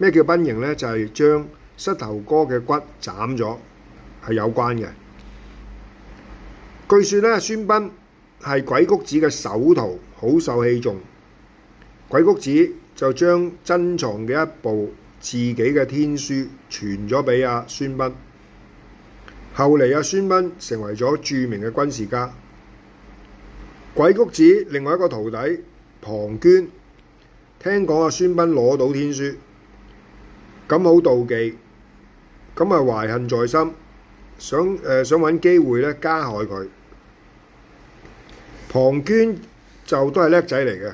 咩叫臏刑呢？就係、是、將膝頭哥嘅骨斬咗，係有關嘅。據説呢，孫斌係鬼谷子嘅首徒，好受器重。鬼谷子就將珍藏嘅一部自己嘅天書傳咗畀阿孫斌。後嚟阿、啊、孫斌成為咗著名嘅軍事家。鬼谷子另外一個徒弟龐涓，聽講阿、啊、孫斌攞到天書。咁好妒忌，咁啊懷恨在心，想誒、呃、想揾機會咧加害佢。龐涓就都係叻仔嚟嘅，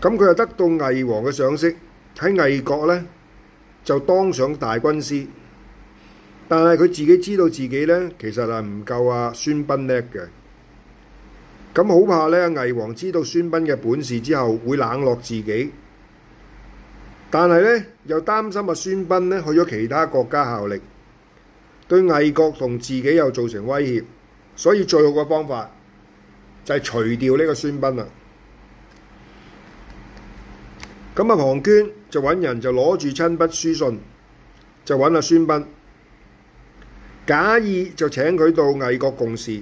咁佢又得到魏王嘅賞識，喺魏國咧就當上大軍師。但係佢自己知道自己咧，其實係唔夠阿、啊、孫臏叻嘅，咁好怕咧魏王知道孫臏嘅本事之後，會冷落自己。但係咧，又擔心阿、啊、孫臏咧去咗其他國家效力，對魏國同自己又造成威脅，所以最好嘅方法就係除掉呢個孫臏啦。咁啊，龐涓就揾人就攞住親筆書信，就揾阿、啊、孫臏，假意就請佢到魏國共事，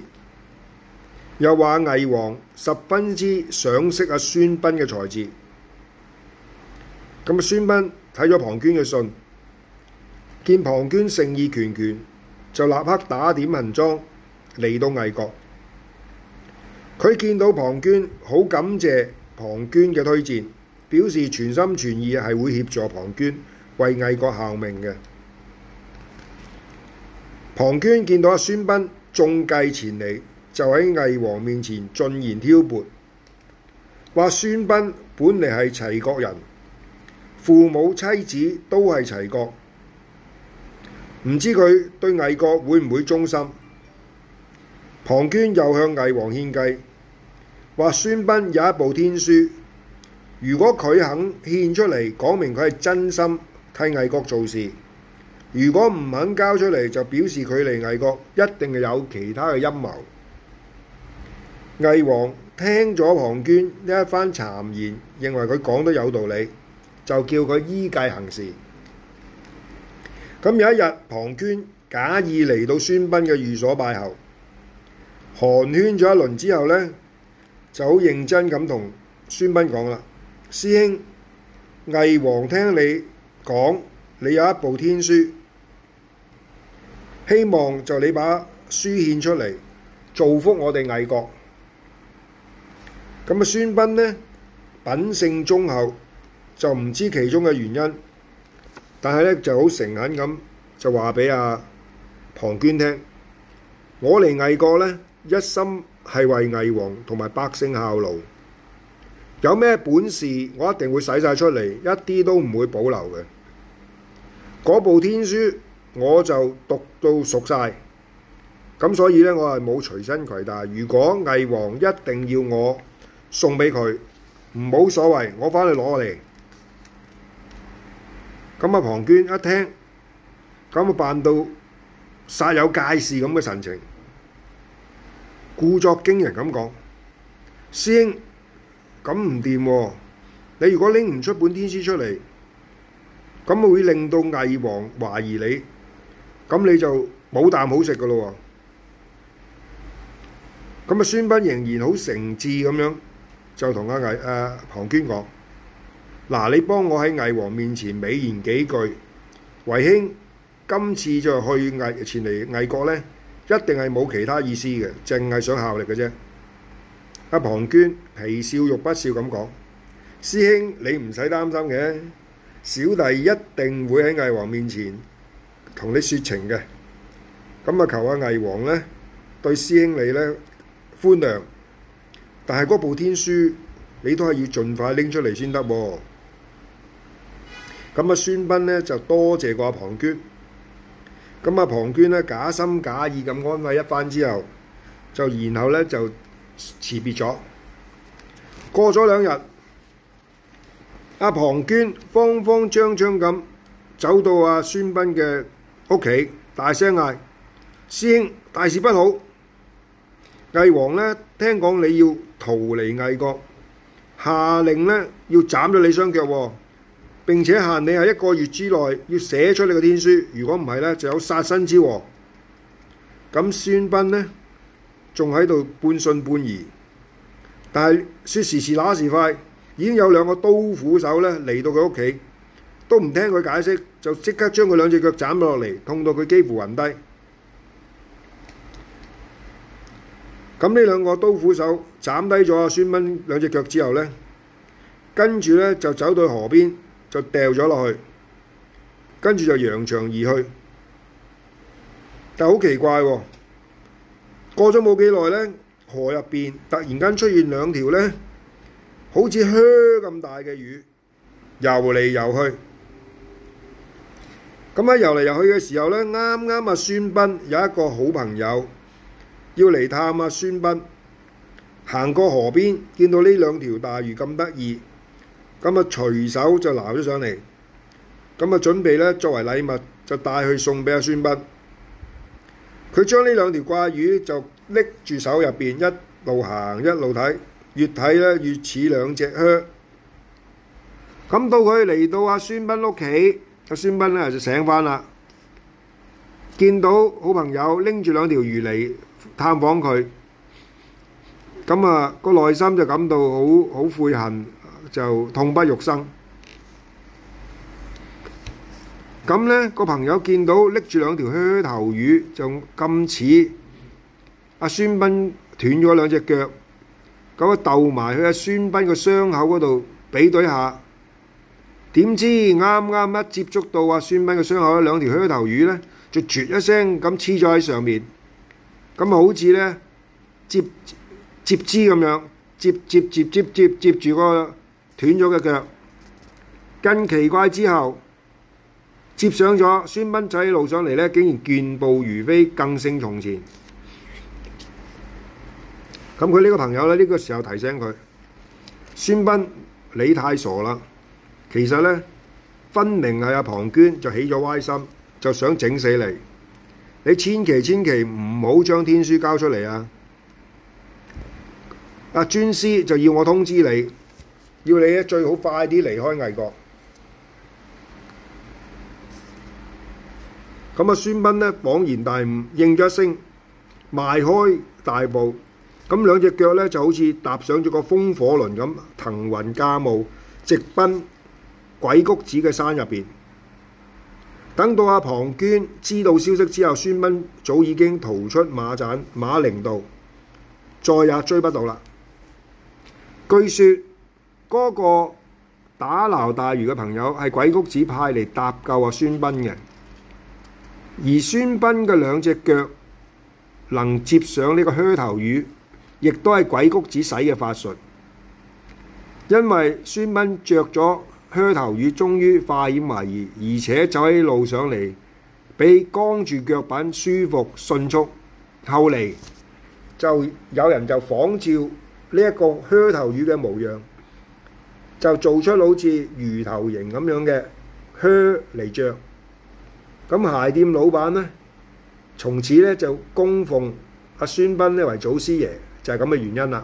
又話魏王十分之賞識阿、啊、孫臏嘅才智。咁孫斌睇咗龐涓嘅信，見龐涓誠意拳拳，就立刻打點行裝嚟到魏國。佢見到龐涓，好感謝龐涓嘅推薦，表示全心全意係會協助龐涓為魏國效命嘅。龐涓見到阿孫斌中計前嚟，就喺魏王面前進言挑撥，話孫斌本嚟係齊國人。父母、妻子都係齊國，唔知佢對魏國會唔會忠心？龐涓又向魏王獻計，話孫臏有一部天書，如果佢肯獻出嚟，講明佢係真心替魏國做事；如果唔肯交出嚟，就表示佢嚟魏國一定係有其他嘅陰謀。魏王聽咗龐涓呢一番讒言，認為佢講得有道理。就叫佢依計行事。咁有一日，龐涓假意嚟到孫臏嘅寓所拜候，寒暄咗一輪之後呢，就好認真咁同孫臏講啦：師兄，魏王聽你講，你有一部天書，希望就你把書獻出嚟，造福我哋魏國。咁啊，孫臏呢，品性忠厚。就唔知其中嘅原因，但係咧就好誠懇咁就話畀阿龐涓聽，我嚟魏國咧，一心係為魏王同埋百姓效勞，有咩本事我一定會使晒出嚟，一啲都唔會保留嘅。嗰部天書我就讀到熟晒。咁所以咧我係冇隨身攜帶。如果魏王一定要我送俾佢，唔好所謂，我返去攞嚟。咁啊！龐涓一聽，咁啊，扮到煞有介事咁嘅神情，故作驚人咁講，師兄，咁唔掂喎！你如果拎唔出本天書出嚟，咁啊會令到魏王懷疑你，咁你就冇啖好食噶咯喎！咁啊，孫斌仍然好誠摯咁樣就同阿魏啊，啊龐涓講。嗱、啊，你幫我喺魏王面前美言幾句，為兄，今次就去魏前嚟魏國咧，一定係冇其他意思嘅，淨係想效力嘅啫。阿、啊、龐涓皮笑肉不笑咁講，師兄你唔使擔心嘅，小弟一定會喺魏王面前同你説情嘅。咁啊，求下魏王咧對師兄你咧寬諒，但係嗰部天書你都係要盡快拎出嚟先得喎。咁啊，孫斌咧就多謝過阿、啊、龐涓。咁、啊、阿龐涓咧假心假意咁安慰一番之後，就然後咧就辭別咗。過咗兩日，阿、啊、龐涓慌慌張張咁走到阿、啊、孫斌嘅屋企，大聲嗌：師兄，大事不好！魏王咧聽講你要逃離魏國，下令咧要斬咗你雙腳喎、哦！並且限你喺一個月之內要寫出你個天書，如果唔係咧就有殺身之禍。咁孫斌咧仲喺度半信半疑，但係説時遲那時快，已經有兩個刀斧手咧嚟到佢屋企，都唔聽佢解釋，就即刻將佢兩隻腳斬落嚟，痛到佢幾乎暈低。咁呢兩個刀斧手斬低咗阿孫斌兩隻腳之後咧，跟住咧就走到去河邊。就掉咗落去，跟住就揚長而去。但好奇怪喎、哦，過咗冇幾耐呢，河入邊突然間出現兩條呢好似靴咁大嘅魚游嚟游去。咁喺游嚟游去嘅時候呢，啱啱啊孫斌有一個好朋友要嚟探啊孫斌，行過河邊見到呢兩條大魚咁得意。咁啊，隨手就撈咗上嚟，咁啊，準備咧作為禮物就帶去送俾阿孫斌。佢將呢兩條怪魚就拎住手入邊，一路行一路睇，越睇咧越似兩隻靴。咁到佢嚟到阿孫斌屋企，阿孫斌咧就醒翻啦，見到好朋友拎住兩條魚嚟探訪佢，咁啊個內心就感到好好悔恨。就痛不欲生。咁咧個朋友見到拎住兩條靴頭魚，就咁似阿孫斌斷咗兩隻腳，咁啊鬥埋去阿孫斌個傷口嗰度比對下。點知啱啱一接觸到阿孫斌嘅傷口咧，兩條靴頭魚咧就啜一聲咁黐咗喺上面，咁啊好似咧接接枝咁樣，接接接接接接住個。斷咗嘅腳，更奇怪之後接上咗。孫斌仔路上嚟呢，竟然健步如飛，更勝從前。咁佢呢個朋友呢，呢、這個呢個時候提醒佢：孫斌，你太傻啦！其實呢，分明係阿龐涓就起咗歪心，就想整死你。你千祈千祈唔好將天書交出嚟啊！阿、啊、尊師就要我通知你。要你最好快啲離開魏國。咁啊，孫斌呢恍然大悟，應咗一聲，邁開大步，咁兩隻腳呢就好似踏上咗個風火輪咁騰雲駕霧，直奔鬼谷子嘅山入邊。等到阿、啊、龐涓知道消息之後，孫斌早已經逃出馬棧馬陵道，再也追不到啦。據說。嗰個打撈大魚嘅朋友係鬼谷子派嚟搭救阿孫斌嘅，而孫斌嘅兩隻腳能接上呢個靴頭魚，亦都係鬼谷子使嘅法術。因為孫斌着咗靴頭魚，終於化險為夷，而且走喺路上嚟比光住腳板舒服迅速。後嚟就有人就仿照呢一個靴頭魚嘅模樣。就做出好似魚頭形咁樣嘅靴嚟着。咁鞋店老闆呢，從此呢就供奉阿孫斌呢為祖師爺，就係咁嘅原因啦。